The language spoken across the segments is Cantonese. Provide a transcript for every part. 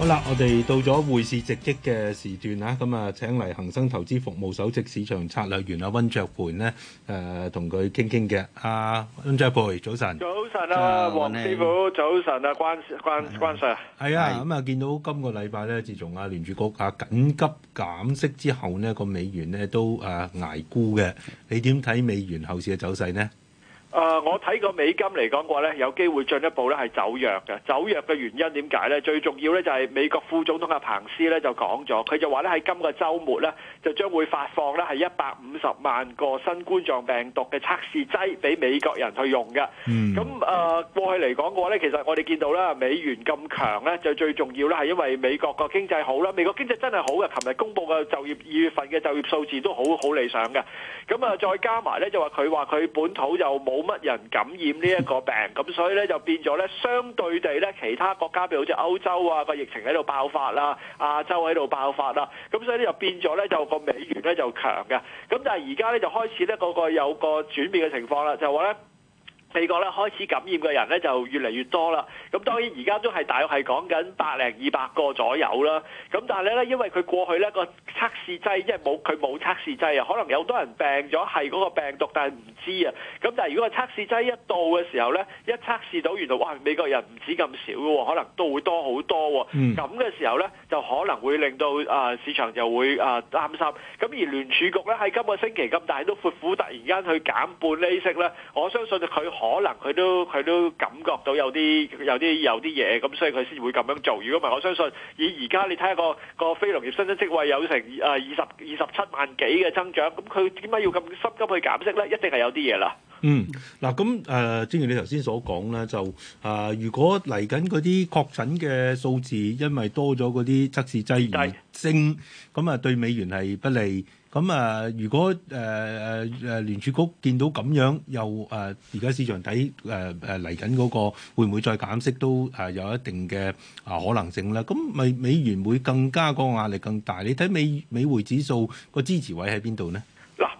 好啦，我哋到咗匯市直擊嘅時段，咁啊，請嚟恆生投資服務首席市場策略員溫卓培呢，同佢傾誒、呃，我睇過美金嚟講嘅話咧，有機會進一步咧係走弱嘅。走弱嘅原因點解咧？最重要咧就係美國副總統阿彭斯咧就講咗，佢就話咧喺今個周末咧就將會發放咧係一百五十萬個新冠狀病毒嘅測試劑俾美國人去用嘅。咁、嗯、誒、呃、過去嚟講嘅話咧，其實我哋見到咧美元咁強咧就最重要咧係因為美國個經濟好啦，美國經濟真係好嘅。琴日公布嘅就業二月份嘅就業數字都好好理想嘅。咁啊再加埋咧就話佢話佢本土又冇。冇乜人感染呢一個病，咁所以咧就變咗咧，相對地咧，其他國家譬如好似歐洲啊，個疫情喺度爆發啦，亞洲喺度爆發啦，咁所以咧就變咗咧就個美元咧就強嘅，咁但係而家咧就開始咧個個有個轉變嘅情況啦，就係話咧。美國咧開始感染嘅人咧就越嚟越多啦，咁當然而家都係大概係講緊百零二百個左右啦。咁但係咧，因為佢過去咧個測試劑即係冇佢冇測試劑啊，可能有多人病咗係嗰個病毒，但係唔知啊。咁但係如果個測試劑一到嘅時候咧，一測試到原來哇美國人唔止咁少嘅喎，可能都會多好多喎。咁、嗯、嘅時候咧，就可能會令到市場就會啊擔心。咁而聯儲局咧喺今個星期咁大刀闊斧，突然間去減半厘息咧，我相信佢。可能佢都佢都感覺到有啲有啲有啲嘢，咁所以佢先會咁樣做。如果唔係，我相信以而家你睇下、個、個非農業新增職位有成啊、呃、二十二十七萬幾嘅增長，咁佢點解要咁心急去減息咧？一定係有啲嘢啦。嗯，嗱，咁、呃、誒，正如你頭先所講咧，就啊、呃，如果嚟緊嗰啲確診嘅數字因為多咗嗰啲測試劑而升，咁啊對美元係不利。咁啊，如果誒誒誒聯儲局見到咁樣，又誒而家市場睇誒誒嚟緊嗰個會唔會再減息都，都、啊、誒有一定嘅啊可能性啦。咁咪美元會更加個壓力更大。你睇美美匯指數個支持位喺邊度咧？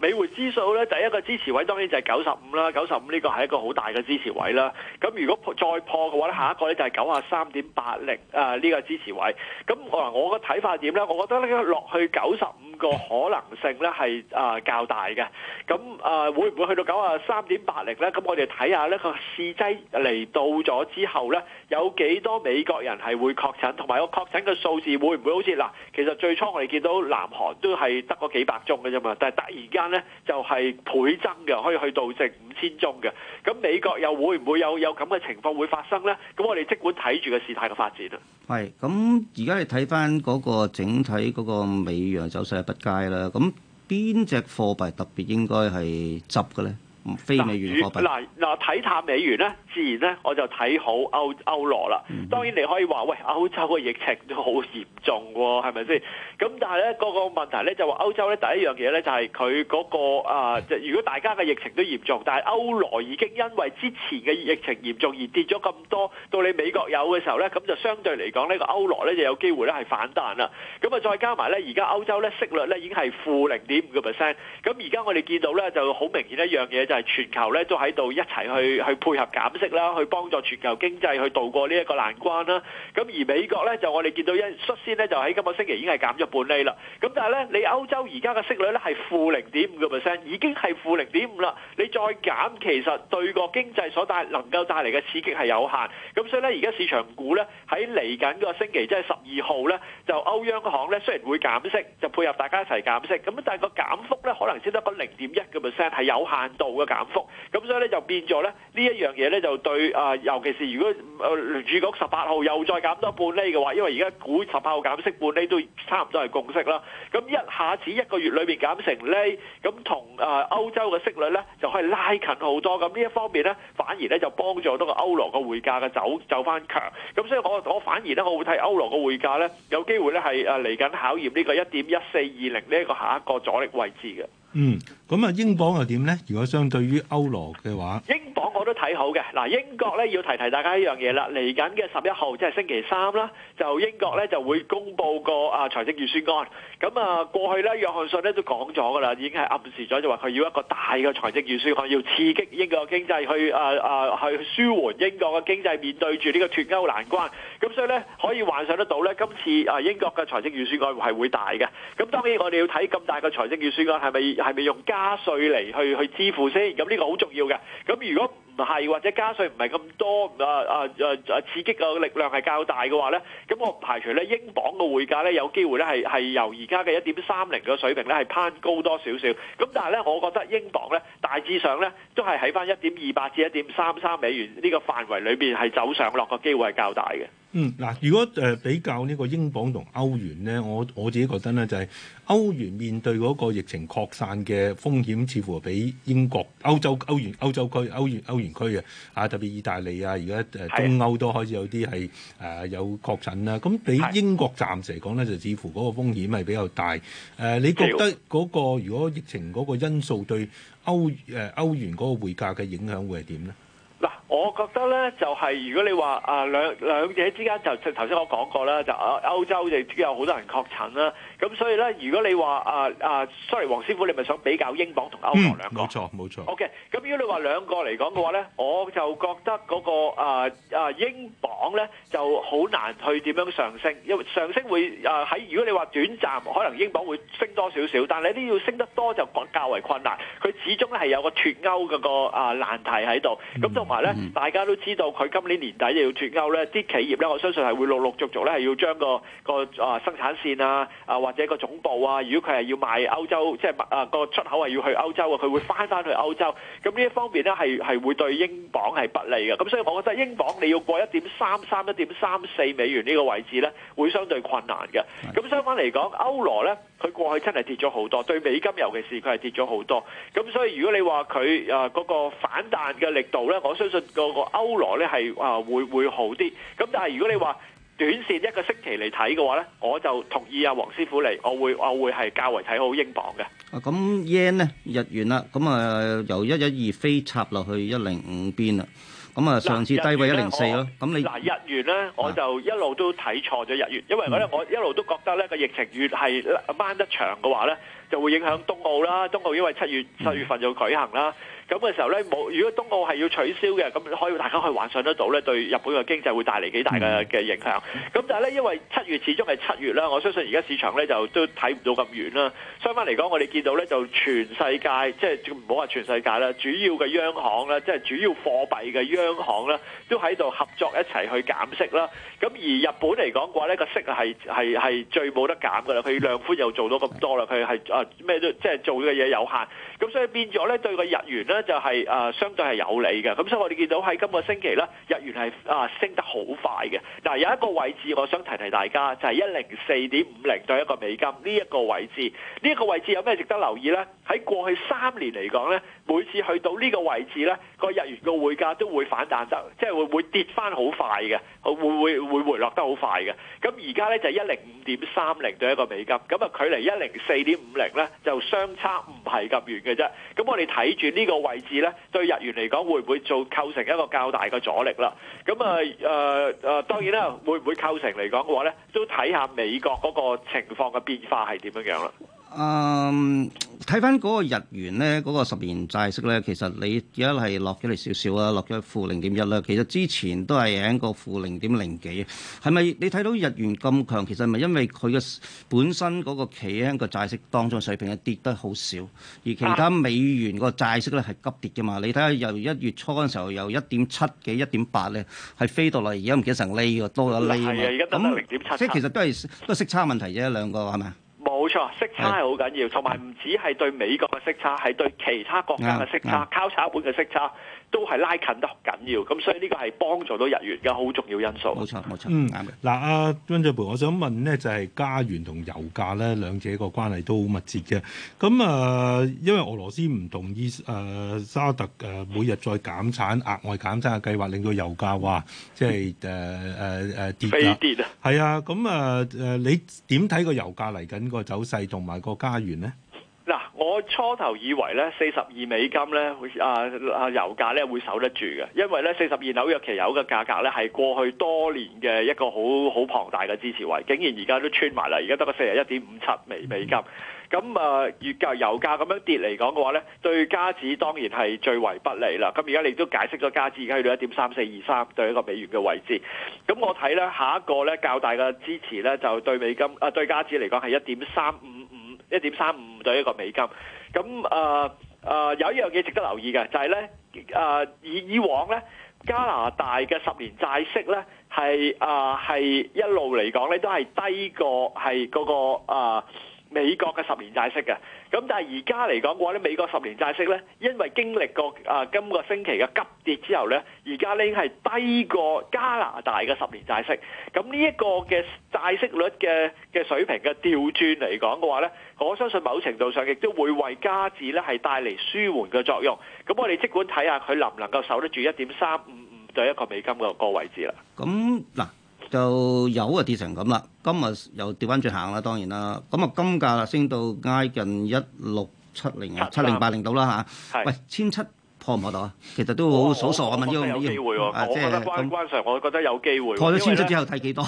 美匯指數咧第一個支持位，當然就係九十五啦，九十五呢個係一個好大嘅支持位啦。咁如果再破嘅話咧，下一個咧就係九啊三點八零啊呢個支持位。咁我我嘅睇法點咧？我覺得呢個落去九十五個可能性咧係啊較大嘅。咁啊、呃、會唔會去到九啊三點八零咧？咁我哋睇下呢個試劑嚟到咗之後咧，有幾多美國人係會確診，同埋個確診嘅數字會唔會好似嗱、呃？其實最初我哋見到南韓都係得個幾百宗嘅啫嘛，但係突然間就係倍增嘅，可以去到值五千宗嘅。咁美國又會唔會有有咁嘅情況會發生呢？咁我哋即管睇住個事態嘅發展啦。係咁，而家你睇翻嗰個整體嗰個美元走勢係不佳啦。咁邊隻貨幣特別應該係執嘅呢？非美元嗱嗱睇淡美元咧，自然咧我就睇好歐歐羅啦。當然你可以話喂，歐洲個疫情都好嚴重喎、啊，係咪先？咁但係咧個個問題咧就話歐洲咧第一樣嘢咧就係佢嗰個啊、呃，如果大家嘅疫情都嚴重，但係歐羅已經因為之前嘅疫情嚴重而跌咗咁多，到你美國有嘅時候咧，咁就相對嚟講呢個歐羅咧就有機會咧係反彈啦。咁啊再加埋咧而家歐洲咧息率咧已經係負零點五個 percent，咁而家我哋見到咧就好明顯一樣嘢就係、是。全球咧都喺度一齊去去配合減息啦，去幫助全球經濟去渡過呢一個難關啦。咁而美國咧就我哋見到一率先呢，就喺今個星期已經係減咗半厘啦。咁但係咧你歐洲而家嘅息率咧係負零點五個 percent，已經係負零點五啦。你再減其實對個經濟所帶能夠帶嚟嘅刺激係有限。咁所以咧而家市場股咧喺嚟緊個星期即係十二號咧就歐央行咧雖然會減息，就配合大家一齊減息。咁但係個減幅咧可能先得個零點一個 percent 係有限度。個減幅，咁所以咧就變咗咧呢一樣嘢咧就對尤其是如果誒，聯儲局十八號又再減多半厘嘅話，因為而家估十八號減息半厘都差唔多係共識啦。咁一下子一個月裏面減成厘，咁同歐歐洲嘅息率咧就可以拉近好多。咁呢一方面咧，反而咧就幫助到個歐羅嘅匯價嘅走走翻強。咁所以我我反而咧我會睇歐羅嘅匯價咧有機會咧係嚟緊考驗呢個一點一四二零呢一個下一個阻力位置嘅。嗯。咁啊，英鎊又點呢？如果相對於歐羅嘅話，英鎊我都睇好嘅。嗱，英國咧要提提大家一樣嘢啦，嚟緊嘅十一號即係星期三啦，就英國咧就會公布個啊財政預算案。咁啊，過去咧約翰遜咧都講咗噶啦，已經係暗示咗就話佢要一個大嘅財政預算案，要刺激英國經濟去、啊啊、去舒緩英國嘅經濟面對住呢個脫歐難關。咁所以咧可以幻想得到咧，今次啊英國嘅財政預算案係會大嘅。咁當然我哋要睇咁大嘅財政預算案係咪係咪用加稅嚟去去支付先，咁呢個好重要嘅。咁如果唔係或者加稅唔係咁多，啊啊啊刺激嘅力量係較大嘅話咧，咁我唔排除咧英鎊嘅匯價咧有機會咧係係由而家嘅一點三零嘅水平咧係攀高多少少。咁但係咧，我覺得英鎊咧大致上咧都係喺翻一點二八至一點三三美元呢個範圍裏邊係走上落嘅機會係較大嘅。嗯，嗱，如果、呃、比較呢個英鎊同歐元咧，我我自己覺得咧就係、係、歐元面對嗰個疫情擴散嘅風險，似乎比英國、歐洲、歐元、歐洲區、歐元、歐元區啊，啊特別意大利啊，而家呃、東歐都開始有啲係、呃、有確診啦、啊。咁比英國暫時嚟講咧，就似乎嗰個風險係比較大。呃、你覺得嗰、嗰個如果疫情嗰個因素對歐、呃、歐元嗰個匯價嘅影響會係點咧？我覺得咧就係、是、如果你話啊兩,兩者之間就頭先我講過啦，就,就、啊、歐洲就有好多人確診啦，咁所以咧如果你話啊啊，sorry 黃師傅，你咪想比較英鎊同歐元兩個，冇、嗯、錯冇錯。OK，咁如果你話兩個嚟講嘅話咧，我就覺得嗰、那個啊啊英鎊咧就好難去點樣上升，因為上升會啊喺如果你話短暫，可能英鎊會升多少少，但係呢要升得多就較為困難。佢始終咧係有個脱歐嘅、那個啊難題喺度，咁同埋咧。嗯嗯大家都知道佢今年年底要脱歐咧，啲企業咧，我相信係會陸陸續續咧係要將個個生產線啊啊或者個總部啊，如果佢係要賣歐洲，即係啊個出口係要去歐洲啊，佢會翻翻去歐洲。咁呢一方面咧係係會對英鎊係不利嘅。咁所以我覺得英鎊你要過一點三三、一點三四美元呢個位置咧，會相對困難嘅。咁相反嚟講，歐羅咧，佢過去真係跌咗好多，對美金尤其是佢係跌咗好多。咁所以如果你話佢啊嗰個反彈嘅力度咧，我相信。個個歐羅咧係啊會會好啲，咁但係如果你話短線一個星期嚟睇嘅話咧，我就同意阿黃師傅嚟，我會啊會係較為睇好英鎊嘅。啊咁 yen 咧日元啦，咁啊由一一二飛插落去一零五邊啦，咁啊上次低位一零四咯。咁你嗱日元咧，我就一路都睇錯咗日元，因為咧、啊、我一路都覺得咧個疫情越係掹得長嘅話咧，就會影響東奧啦，東奧因為七月七月份要舉行啦。嗯咁嘅時候咧，冇如果東奧係要取消嘅，咁可以大家可以幻想得到咧，對日本嘅經濟會帶嚟幾大嘅嘅影響。咁但係咧，因為七月始終係七月啦，我相信而家市場咧就都睇唔到咁遠啦。相反嚟講，我哋見到咧就全世界，即係唔好話全世界啦，主要嘅央行啦，即係主要貨幣嘅央行啦，都喺度合作一齊去減息啦。咁而日本嚟講嘅話呢，個息係係係最冇得減噶啦。佢量寬又做到咁多啦，佢係啊咩都即係做嘅嘢有限。咁所以變咗咧，對個日元咧就係誒相對係有利嘅。咁所以我哋見到喺今個星期咧，日元係啊升得好快嘅。嗱，有一個位置我想提提大家，就係一零四點五零對一個美金呢一個位置。呢一個位置有咩值得留意呢？喺過去三年嚟講呢，每次去到呢個位置呢，個日元個匯價都會反彈得，即係會會跌翻好快嘅，會會會回落得好快嘅。咁而家呢，就係一零五點三零對一個美金，咁啊距離一零四點五零呢，就相差唔係咁遠嘅。咁我哋睇住呢個位置咧，對日元嚟講會唔會做構成一個較大嘅阻力啦？咁啊，誒、呃、誒、呃，當然啦，會唔會構成嚟講嘅話咧，都睇下美國嗰個情況嘅變化係點樣樣啦。嗯，睇翻嗰個日元咧，嗰個十年債息咧，其實你而家係落咗嚟少少啦，落咗負零點一啦。其實之前都係喺個負零點零幾，係咪你睇到日元咁強？其實係咪因為佢嘅本身嗰個企喺個債息當中的水平係跌得好少，而其他美元個債息咧係急跌嘅嘛？你睇下由一月初嗰時候由一點七幾一點八咧，係飛到嚟而家唔記得成呢個多咗呢。係啊，而家得零點七。即係其實都係都係息差問題啫，兩個係咪？冇錯，息差係好緊要，同埋唔止係對美國嘅息差，係對其他國家嘅息差，交叉本嘅息差。都係拉近得好緊要，咁所以呢個係幫助到日元嘅好重要因素。冇錯，冇錯，嗯，啱嘅。嗱、嗯，阿溫灼培，我想問咧，就係加元同油價咧，兩者個關係都好密切嘅。咁啊、呃，因為俄羅斯唔同意誒、呃、沙特誒每日再減產，額外減產嘅計劃，令到油價話即係誒誒誒跌啊跌啊，係啊。咁啊誒，你點睇個油價嚟緊個走勢，同埋個加元咧？我初頭以為咧，四十二美金咧，啊啊油價咧會守得住嘅，因為咧四十二紐約期油嘅價格咧係過去多年嘅一個好好龐大嘅支持位，竟然而家都穿埋啦，而家得個四十一點五七美美金。咁啊，月價油價咁樣跌嚟講嘅話咧，對加指當然係最為不利啦。咁而家你都解釋咗加指而家去到一點三四二三對一個美元嘅位置。咁我睇咧下一個咧較大嘅支持咧就對美金啊對加指嚟講係一點三五。一點三五兌一個美金，咁誒誒，有一樣嘢值得留意嘅就係、是、咧，誒、呃，以以往咧加拿大嘅十年債息咧係誒，係、呃、一路嚟講咧都係低過係嗰個啊。呃美國嘅十年債息嘅，咁但係而家嚟講嘅話咧，美國十年債息咧，因為經歷過啊、呃、今個星期嘅急跌之後咧，而家咧已經係低過加拿大嘅十年債息，咁呢一個嘅債息率嘅嘅水平嘅調轉嚟講嘅話咧，我相信某程度上亦都會為加紙咧係帶嚟舒緩嘅作用。咁我哋即管睇下佢能唔能夠守得住一點三五五對一個美金嘅個位置啦。咁嗱。就有啊掉成咁啦，今日又掉翻轉行啦，當然啦。咁啊，金價啦升到挨近一六七零、七零八零到啦嚇。喂，千七破唔破到啊？其實都好傻傻啊。問呢樣嘢。我覺得關唔關上？我覺得有機會。破咗千七之後睇幾多？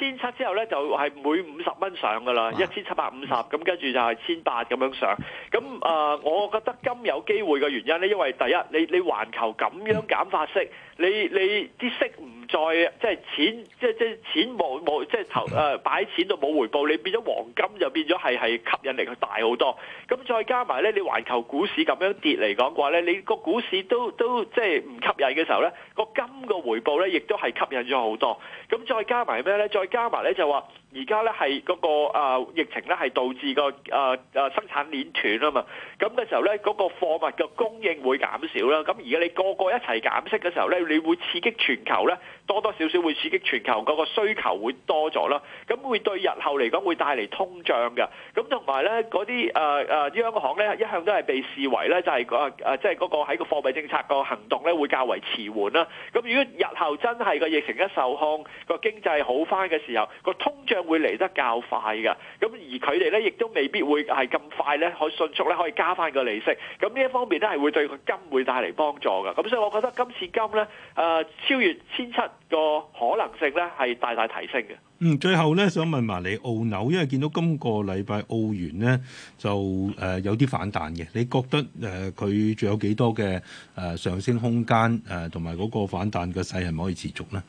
千七之後咧就係每五十蚊上噶啦，一千七百五十咁，跟住就係千八咁樣上。咁、uh, 我覺得金有機會嘅原因咧，因為第一，你你環球咁樣減法息，你你啲息唔再即係錢，即係即係錢冇冇，即係投誒、啊、擺錢都冇回報，你變咗黃金就變咗係係吸引力佢大好多。咁再加埋咧，你環球股市咁樣跌嚟講嘅話咧，你個股市都都即係唔吸引嘅時候咧，個金個回報咧，亦都係吸引咗好多。咁再加埋咩咧？再加埋咧就話。而家咧係嗰個，啊、疫情咧係導致個啊啊生產鏈斷啊嘛。咁嘅時候咧嗰個貨物嘅供應會減少啦。咁而家你個個一齊減息嘅時候咧，你會刺激全球咧，多多少少會刺激全球嗰個需求會多咗啦。咁會對日後嚟講會帶嚟通脹㗎。咁同埋咧嗰啲啊啊央行咧一向都係被視為咧就係啊即係嗰個喺個貨幣政策個行動咧會較為遲緩啦。咁如果日後真係個疫情一受控，個經濟好翻嘅時候，個通脹會嚟得較快嘅，咁而佢哋咧，亦都未必會係咁快咧，可以迅速咧，可以加翻個利息。咁呢一方面咧，係會對個金匯帶嚟幫助嘅。咁所以，我覺得今次金咧，誒超越千七個可能性咧，係大大提升嘅。嗯，最後咧，想問埋你澳紐，因為見到今個禮拜澳元咧就誒有啲反彈嘅，你覺得誒佢仲有幾多嘅誒上升空間？誒同埋嗰個反彈嘅勢係咪可以持續咧？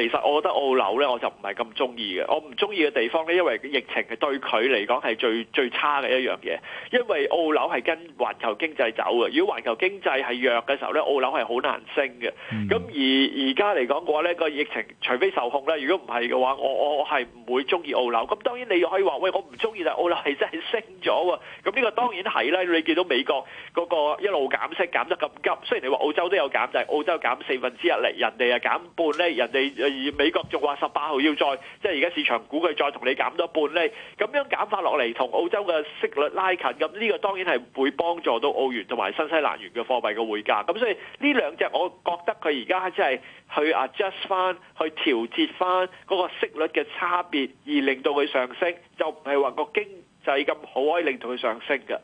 其實我覺得澳樓咧，我就唔係咁中意嘅。我唔中意嘅地方咧，因為疫情係對佢嚟講係最最差嘅一樣嘢。因為澳樓係跟環球經濟走嘅，如果環球經濟係弱嘅時候咧，澳樓係好難升嘅。咁而而家嚟講嘅話咧，個疫情除非受控呢，如果唔係嘅話，我我係唔會中意澳樓。咁當然你可以話喂，我唔中意，但係澳樓係真係升咗喎。咁呢個當然係啦。你見到美國嗰個一路減息減得咁急，雖然你話澳洲都有減，但係澳洲減四分之一嚟，人哋啊減半咧，人哋。而美國仲話十八號要再，即係而家市場估佢再同你減多半厘，咁樣減法落嚟，同澳洲嘅息率拉近，咁呢個當然係會幫助到澳元同埋新西蘭元嘅貨幣嘅匯價。咁所以呢兩隻，我覺得佢而家即係去 adjust 翻，去調節翻嗰個息率嘅差別，而令到佢上升，就唔係話個經濟咁好可以令到佢上升嘅，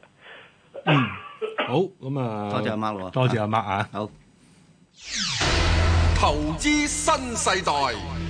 嗯。好，咁啊，多謝阿媽，多謝阿媽啊，好。投資新世代。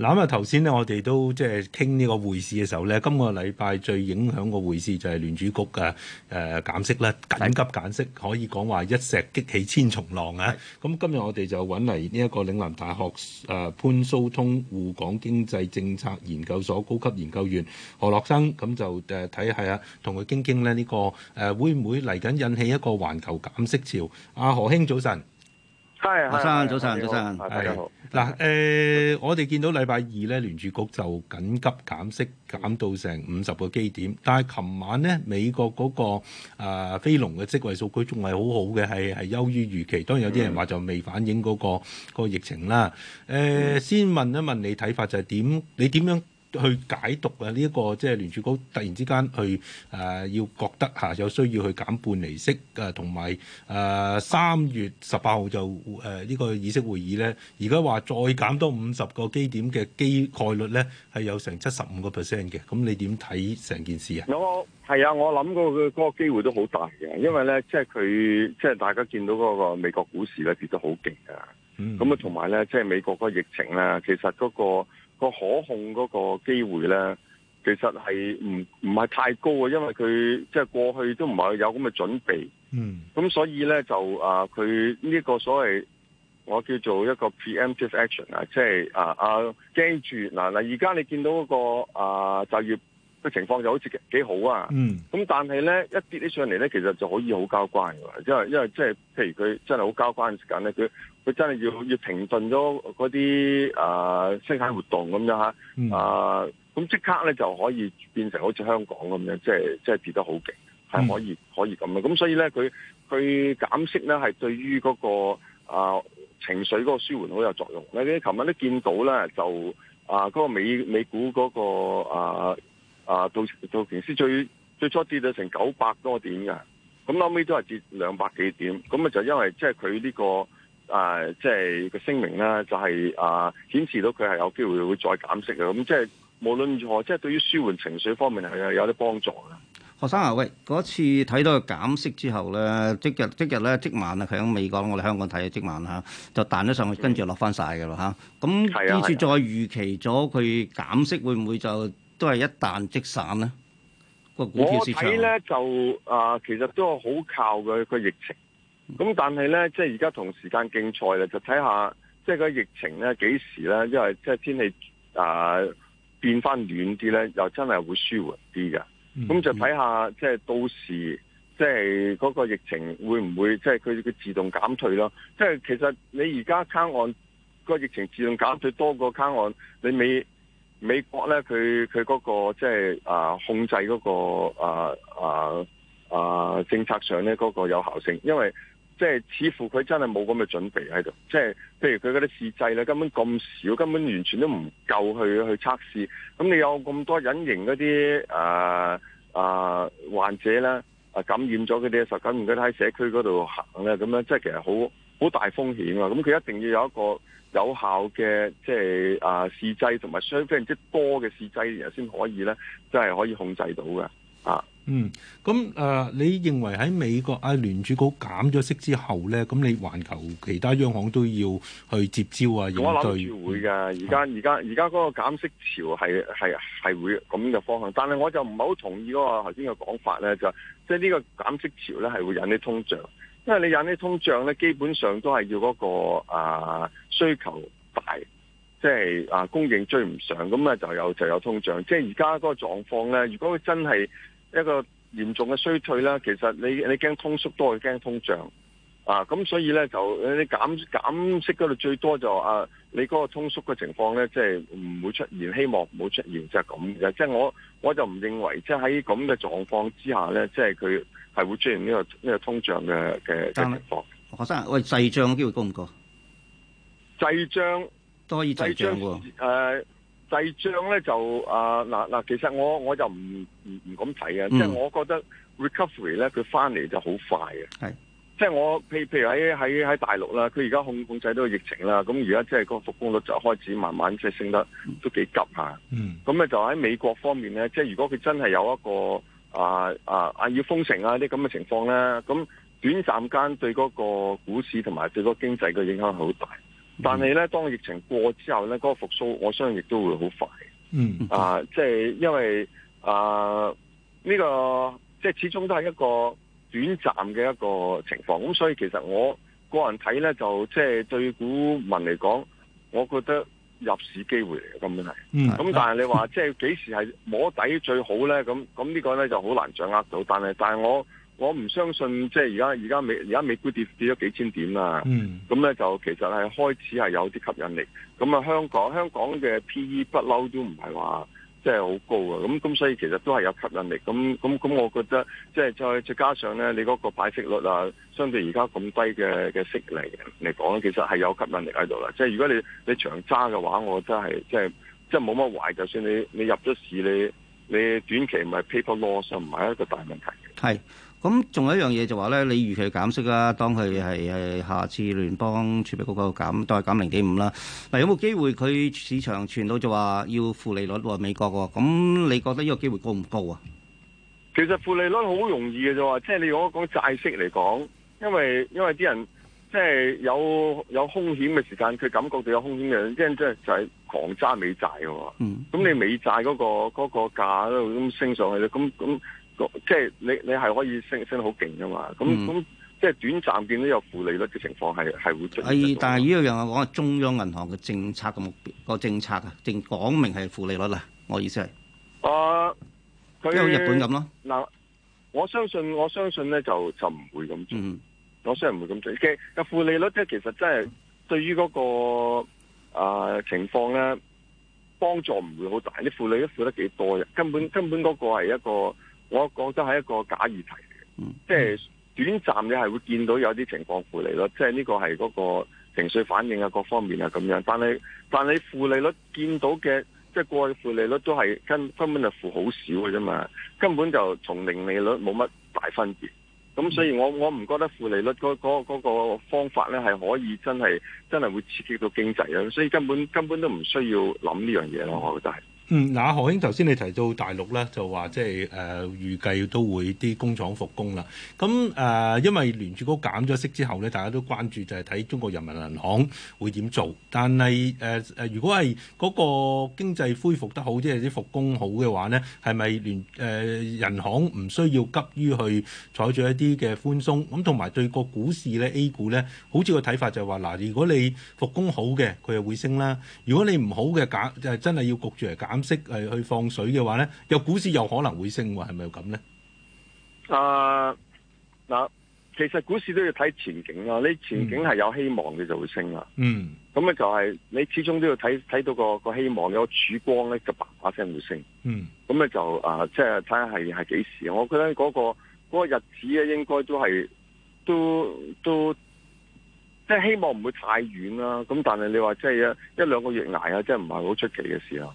嗱咁啊，頭先咧，我哋都即係傾呢個匯市嘅時候咧，今個禮拜最影響個匯市就係聯儲局嘅誒減息啦，緊急減息，可以講話一石激起千重浪啊！咁今日我哋就揾嚟呢一個嶺南大學潘蘇通滬港經濟政策研究所高級研究員何濼生，咁就睇係啊，同佢傾傾咧呢個誒會唔會嚟緊引起一個環球減息潮？阿何兄，早晨。係，阿生早晨，早晨，大家好。嗱，誒、呃呃，我哋見到禮拜二咧，聯儲局就緊急減息，減到成五十個基點，但係琴晚咧，美國嗰、嗰個啊、呃、非農嘅職位數據仲係好好嘅，係係優於預期。當然有啲人話就未反映嗰、嗰個、嗯嗰個疫情啦。誒、呃，先問一問你睇法，就係點，你點樣。去解讀啊！呢、這、一個即係聯儲局突然之間去誒、呃，要覺得嚇、啊、有需要去減半厘息啊。同埋誒三月十八號就誒呢、呃這個議息會議咧，而家話再減多五十個基點嘅機概率咧，係有成七十五個 percent 嘅。咁你點睇成件事、嗯、啊？我係啊，我諗嗰個嗰機會都好大嘅，因為咧，即係佢即係大家見到嗰個美國股市咧跌得好勁啊！咁、嗯、啊，同埋咧，即係美國嗰個疫情咧，其實嗰、那個。個可控嗰個機會咧，其實係唔唔係太高啊，因為佢即係過去都唔係有咁嘅準備。嗯，咁所以咧就啊，佢呢個所謂我叫做一個 pre-emptive action，就是，啊，即係啊啊驚住嗱嗱，而家你見到嗰、那個啊就業。個情況就好似幾好啊！咁、嗯、但係咧，一跌起上嚟咧，其實就可以好交關嘅，因為因為即係譬如佢真係好交關嘅時間咧，佢佢真係要要停頓咗嗰啲誒生產活動咁樣、嗯、啊咁即刻咧就可以變成好似香港咁樣，即係即係跌得好勁，係、嗯、可以可以咁樣，咁所以咧，佢佢減息咧係對於嗰、那個啊、呃、情緒嗰個舒緩好有作用。你琴日都見到咧，就啊嗰、呃那個美美股嗰、那個啊。呃啊，到到件事最最初跌到成九百多點嘅，咁後尾都係跌兩百幾點，咁啊就因為即係佢呢個啊、呃、即係個聲明咧，就係、是、啊、呃、顯示到佢係有機會會再減息嘅，咁即係無論如何，即係對於舒緩情緒方面係有啲幫助嘅。學生啊，喂，嗰次睇到減息之後咧，即日即日咧，佢喺即晚啊，喺美國我哋香港睇啊，即晚吓就彈咗上去，嗯、跟住落翻晒嘅啦吓。咁呢次再預期咗佢減息會唔會就？都係一彈即散咧、啊。我睇咧就啊、呃，其實都係好靠佢個疫情。咁但係咧，即係而家同時間競賽咧，就睇下即係個疫情咧幾時咧，因為即係天氣啊、呃、變翻暖啲咧，又真係會舒緩啲嘅。咁、嗯嗯、就睇下即係到時即係嗰個疫情會唔會即係佢佢自動減退咯。即係其實你而家 count on 個疫情自動減退多過 count on，你未？美國咧，佢佢嗰個即係啊，控制嗰個啊啊啊政策上咧嗰個有效性，因為即係似乎佢真係冇咁嘅準備喺度，即係譬如佢嗰啲試劑咧根本咁少，根本完全都唔夠去去測試。咁你有咁多隱形嗰啲啊啊患者咧啊感染咗佢哋嘅時候，咁佢哋喺社區嗰度行咧，咁樣即係其實好。好大風險啊！咁佢一定要有一個有效嘅，即係啊，試劑同埋相非常之多嘅試劑然後先可以咧，即係可以控制到嘅啊。嗯，咁誒，你認為喺美國啊聯儲局減咗息之後咧，咁你環球其他央行都要去接招啊？應對我會嘅，而家而家而家嗰個減息潮係係係會咁嘅方向，但係我就唔係好同意嗰個頭先嘅講法咧，就即係呢個減息潮咧係會引起通脹。因為你引啲通脹咧，基本上都係要嗰個啊需求大，即係啊供應追唔上，咁咧就有就有通脹。即係而家嗰個狀況咧，如果佢真係一個嚴重嘅衰退啦，其實你你驚通縮多，過驚通脹。啊，咁所以咧就喺啲減減息嗰度最多就是，啊，你嗰個通縮嘅情況咧，即係唔會出現，希望唔好出現就係咁嘅。即係我我就唔認為，即係喺咁嘅狀況之下咧，即係佢係會出現呢個呢個通脹嘅嘅情況。學生，喂，滯脹機會高唔高？滯脹都可以滯脹喎。誒，滯脹咧、呃、就嗱嗱、呃，其實我我就唔唔唔咁睇啊，即係，嗯，我覺得 recovery 咧，佢翻嚟就好快嘅，啊。係。即係我，譬如譬如喺喺喺大陸啦，佢而家控控制到疫情啦，咁而家即係嗰個復工率就開始慢慢即係升得都幾急下。咁、嗯、咧就喺美國方面咧，即係如果佢真係有一個啊啊啊要封城啊啲咁嘅情況咧，咁短暫間對嗰個股市同埋對個經濟嘅影響好大。嗯、但係咧，當疫情過之後咧，嗰、個復甦我相信亦都會好快。嗯啊，即、呃、係、嗯即係、因為啊呢、呃呢個即係、即係、始終都係一個。短暫嘅一個情況，咁所以其實我個人睇咧，就即係對股民嚟講，我覺得入市機會嚟嘅根本係，咁、嗯、但係你話 即係幾時係摸底最好咧？咁咁呢個咧就好難掌握到。但係但係我我唔相信，即係而家而家美而家美股跌跌咗幾千點啦，咁、嗯、咧就其實係開始係有啲吸引力。咁啊香港香港嘅 PE 不嬲都唔係話。即係好高啊！咁咁所以其實都係有吸引力。咁咁咁，我覺得即係再再加上咧，你嗰個派息率啊，相對而家咁低嘅嘅息嚟嚟講，其實係有吸引力喺度啦。即係如果你你長揸嘅話，我真係係即係即係冇乜壞。就算你你入咗市，你你短期唔係 paper loss，唔係一個大問題。咁仲有一樣嘢就話咧，你預期減息啦、啊，當佢係下次聯邦儲備嗰個減再減零點五啦。嗱，有冇機會佢市場傳到就話要負利率喎、啊、美國喎、啊？咁你覺得呢個機會高唔高啊？其實負利率好容易嘅啫，即、就、係、是、你如果講債息嚟講，因為因為啲人即係、就是、有有風險嘅時間，佢感覺到有風險嘅，啲人即係就係狂揸美債嘅喎。咁你美債嗰、那個嗰、那個價都會升上去啦，咁咁。即係你你係可以升升得好勁噶嘛？咁咁、嗯、即係短暫見到有負利率嘅情況係係會出現。但係呢樣嘢我講中央銀行嘅政策嘅目標個政策啊，正講明係負利率啦。我意思係，誒、啊，即係日本咁咯。嗱，我相信我相信咧就就唔會咁做。我相信唔會咁做。嘅個負利率咧，其實真係對於嗰、那個啊、呃、情況咧，幫助唔會好大。你負利率負得幾多嘅？根本根本嗰個係一個。我覺得係一個假議題嚟嘅，即係短暫你係會見到有啲情況負利率，即係呢個係嗰個情緒反應啊，各方面啊咁樣。但係但係負利率見到嘅即係過去負利率都係根根本就負好少嘅啫嘛，根本就從零利率冇乜大分別。咁所以，我我唔覺得負利率嗰個嗰個方法呢係可以真係真係會刺激到經濟啊！所以根本根本都唔需要諗呢樣嘢咯，我覺得係。嗯，嗱，何兄，頭先你提到大陸咧，就話即係誒預計都會啲工廠復工啦。咁、嗯、誒、呃，因為聯儲局減咗息之後咧，大家都關注就係、是、睇中國人民銀行會點做。但係誒誒，如果係嗰個經濟恢復得好，即係啲復工好嘅話咧，係咪聯誒人行唔需要急於去採取一啲嘅寬鬆，咁同埋對個股市咧，A 股咧，好似個睇法就話話嗱，如果你復工好嘅，佢又會升啦。如果你唔好嘅減，就真係要焗住嚟減息係去放水嘅話咧，有股市有可能會升，係咪咁咧？啊，嗱，其實股市都要睇前景啦。你前景係有希望嘅，就會升啦。嗯，咁咧就係你始終都要睇睇到個個希望有個曙光咧，就叭叭聲會升。嗯，咁咧就啊、是嗯呃，即係睇下係係幾時。我覺得嗰、嗰個、嗰個日子咧，應該都係都都即係希望唔會太遠啦。咁但係你話即係一一兩個月挨啊，即係唔係好出奇嘅事啊。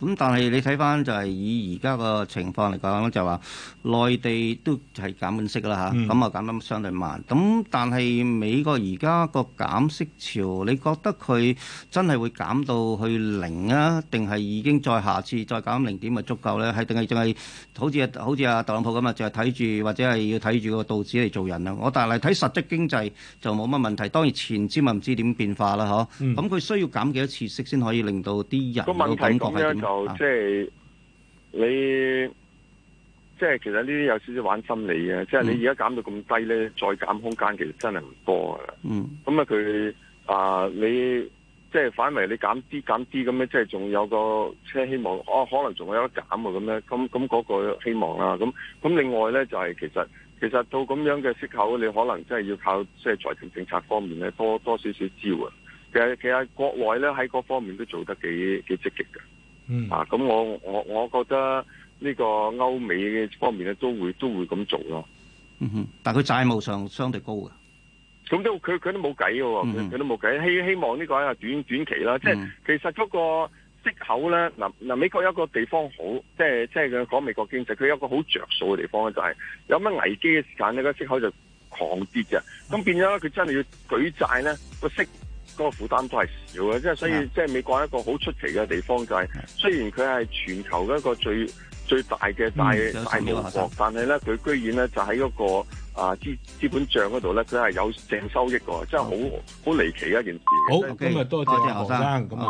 咁但係你睇翻就係以而家個情況嚟講，就話內地都係減半息啦嚇，咁、嗯、啊減得相對慢。咁但係美國而家個減息潮，你覺得佢真係會減到去零啊？定係已經再下次再減零點咪足夠咧？係定係仲係好似好似阿特朗普咁啊？仲係睇住或者係要睇住個道指嚟做人啊？我但係睇實質經濟就冇乜問題。當然前瞻唔知點變化啦，嗬、嗯。咁、嗯、佢需要減幾多次息先可以令到啲人個感覺係、嗯、點？哦，即、就、係、是、你，即、就、係、是、其實呢啲有少少玩心理嘅，即、就、係、是、你而家減到咁低咧，再減空間其實真係唔多噶啦。嗯，咁啊佢啊，你即係、就是、反為你減啲減啲咁咧，即係仲有個車、就是、希望，哦、啊、可能仲有得減啊咁咧，咁咁嗰個希望啦。咁咁另外咧就係、是、其實其實到咁樣嘅息口，你可能真係要靠即係財政政策方面咧多多少少支援啊。其實其實國內咧喺嗰方面都做得幾幾積極嘅。嗯啊，咁我我我覺得呢個歐美嘅方面咧，都會都會咁做咯。嗯哼，但係佢債務上相對高嘅，咁都佢佢都冇計嘅喎，佢、嗯、都冇計。希希望呢個係短短期啦，即係、嗯、其實嗰個息口咧，嗱、啊、嗱、啊、美國有一個地方好，即係即係講美國經濟，佢有個個好着數嘅地方咧，就係、是、有乜危機嘅時間呢，個息口就狂跌嘅。咁變咗佢真係要舉債咧，個息嗰、那個負擔，都係少嘅，即係所以即係美國一個好出奇嘅地方就係、是，雖然佢係全球一個最最大嘅大、嗯、大、國、大國，但係咧佢居然咧就喺嗰個啊資資本帳嗰度咧，佢係有正收益嘅、嗯，真係好好離奇一件事。好，咁啊、okay。嗯、多謝、哦、濼生。哦